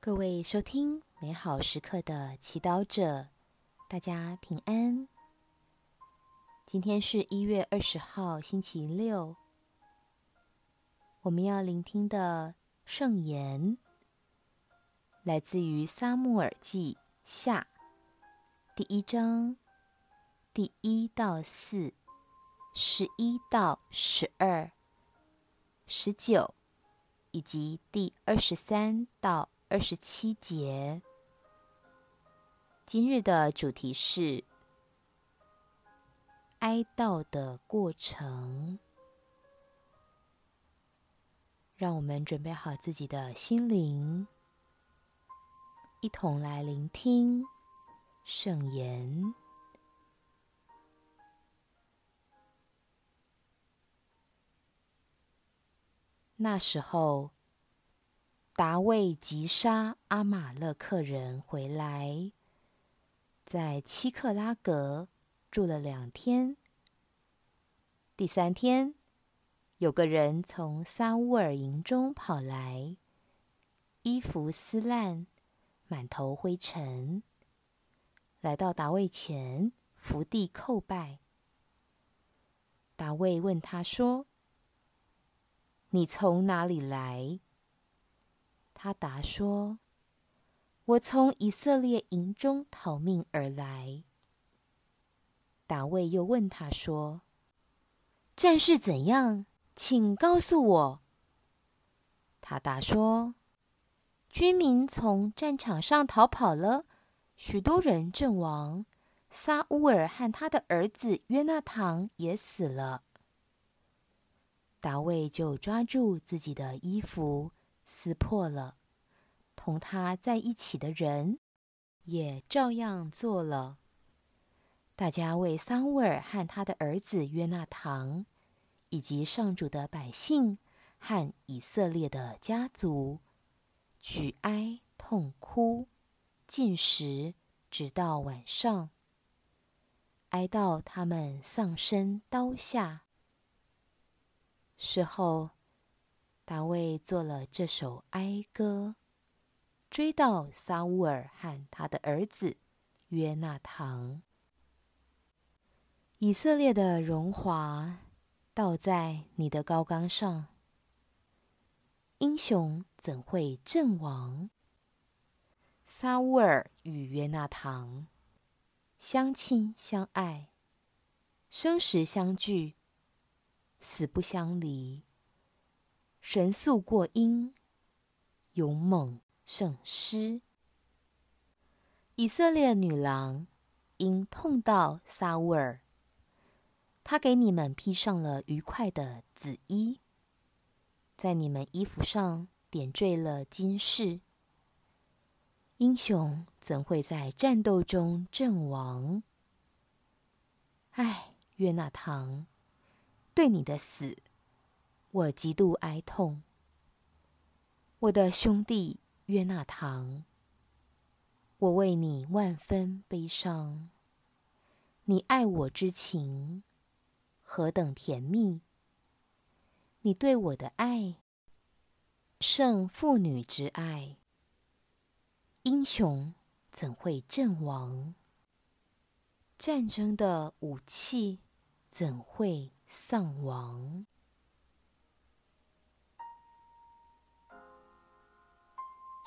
各位收聽美好時刻的祈禱者，大家平安。今天是一月二十號，星期六。我們要聆聽的聖言來自於《撒慕爾紀下》第一章第一到四、十一到十二、十九，以及第二十三到二十七節，今日的主題是哀悼的過程。讓我們準備好自己的心靈，一同來聆聽聖言。那時候。達味擊殺阿瑪肋克人回來，在漆刻拉格住了兩天。第三天，有個人從撒烏耳營中跑來，衣服撕爛，滿頭灰塵，來到達味前，伏地叩拜。達味問他說：“你從哪裡來？”他答說：“我從以色列營中逃命而來。”達味又問他說：“戰事怎樣？請告訴我。”他答說：“軍民從戰場上逃跑了，許多人陣亡，撒烏耳和他的兒子約納堂也死了。”達味就抓住自己的衣服。撕破了，同他在一起的人也照樣做了。大家為撒烏耳和他的兒子約納堂，以及上主的百姓和以色列的家族舉哀痛哭，禁食直到晚上，哀悼他們喪身刀下。事後，達味做了這首哀歌，追悼撒烏耳和他的兒子約納堂。以色列的榮華倒在你的高崗上，英雄怎會陣亡？撒烏耳與約納堂相親相愛，生時相聚，死不相離。神速過鷹，勇猛勝獅。以色列女郎應痛悼撒烏爾，她給你們披上了愉快的紫衣，在你們衣服上點綴了金飾。英雄怎會在戰鬥中陣亡？唉，約納堂，對你的死，我極度哀痛，我的兄弟約納堂，我為你萬分悲傷。你愛我之情，何等甜蜜！你對我的愛，勝婦女之愛。英雄怎會陣亡？戰爭的武器怎會喪亡？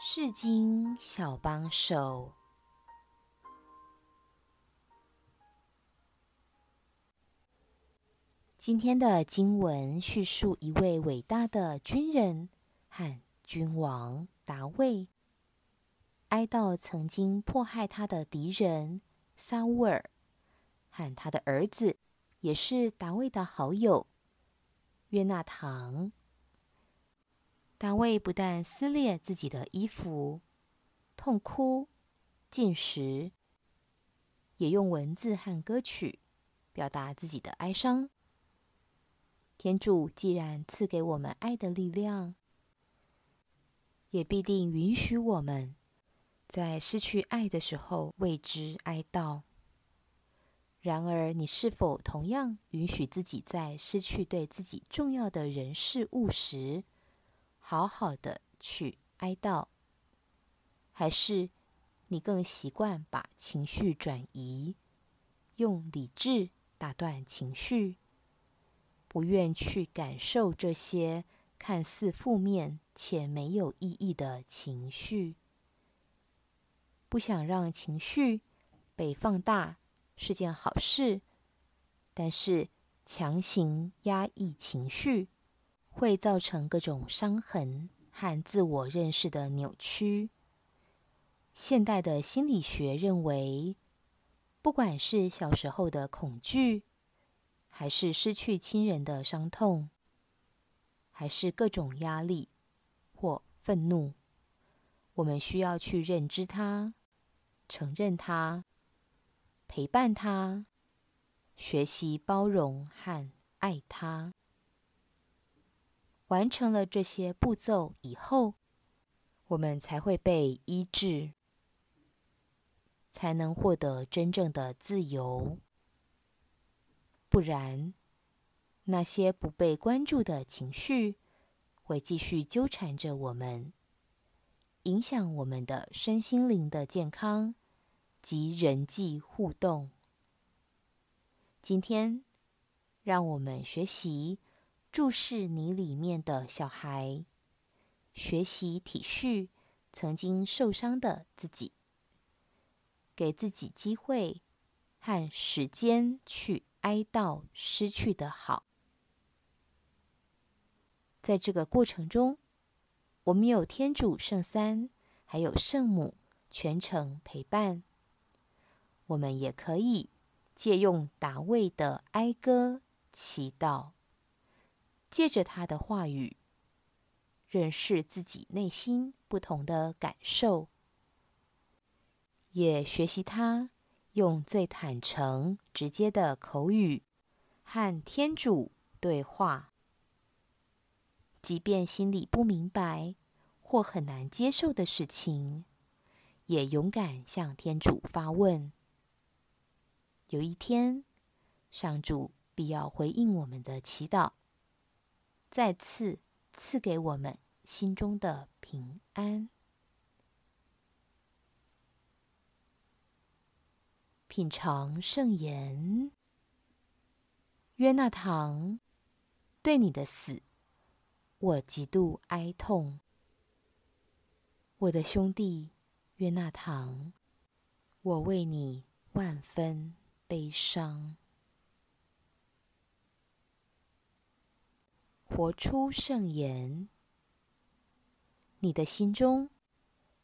釋經小幫手。今天的經文敘述一位偉大的軍人和君王達味，哀悼曾經迫害他的敵人撒烏耳和他的兒子，也是達味的好友約納堂。達味不但撕裂自己的衣服、痛哭、禁食，也用文字和歌曲表達自己的哀傷。天主既然賜給我們愛的力量，也必定允許我們在失去愛的時候為之哀悼。然而，你是否同樣允許自己在失去對自己重要的人事物時，好好的去哀悼，還是你更習慣把情緒轉移，用理智打斷情緒，不願去感受這些看似負面且沒有意義的情緒，不想讓情緒被放大是件好事，但是強行壓抑情緒。會造成各種傷痕和自我認識的扭曲。現代的心理學認為，不管是小時候的恐懼，還是失去親人的傷痛，還是各種壓力或憤怒，我們需要去認知它、承認它、陪伴它、學習包容和愛它。完成了這些步驟以後，我們才會被醫治，才能獲得真正的自由。不然，那些不被關注的情緒會繼續糾纏着我們，影響我們的身心靈的健康及人際互動。今天，讓我們學習。注視你裡面的小孩，學習體恤曾經受傷的自己，給自己機會和時間去哀悼失去的好。在這個過程中，我們有天主聖三，還有聖母全程陪伴。我們也可以借用達味的哀歌祈禱。借着他的話語，認識自己內心不同的感受，也學習他用最坦誠直接的口語和天主對話。即便心裡不明白或很難接受的事情，也勇敢向天主發問。有一天，上主必要回應我們的祈禱。再次賜給我們心中的平安。品嚐聖言，約納堂，對你的死，我極度哀痛。我的兄弟約納堂，我為你萬分悲傷。活出聖言，你的心中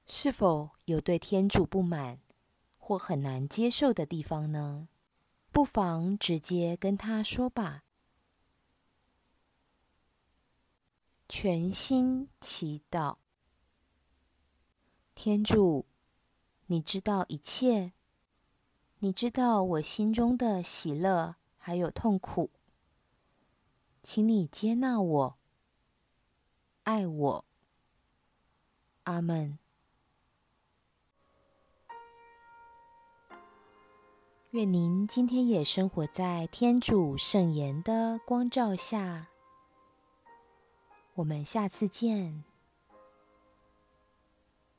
是否有對天主不滿或很難接受的地方呢？不妨直接跟他說吧。全心祈禱，天主，你知道一切，你知道我心中的喜樂還有痛苦。請你接納我，愛我，阿門。願您今天也生活在天主聖言的光照下。我們下次見。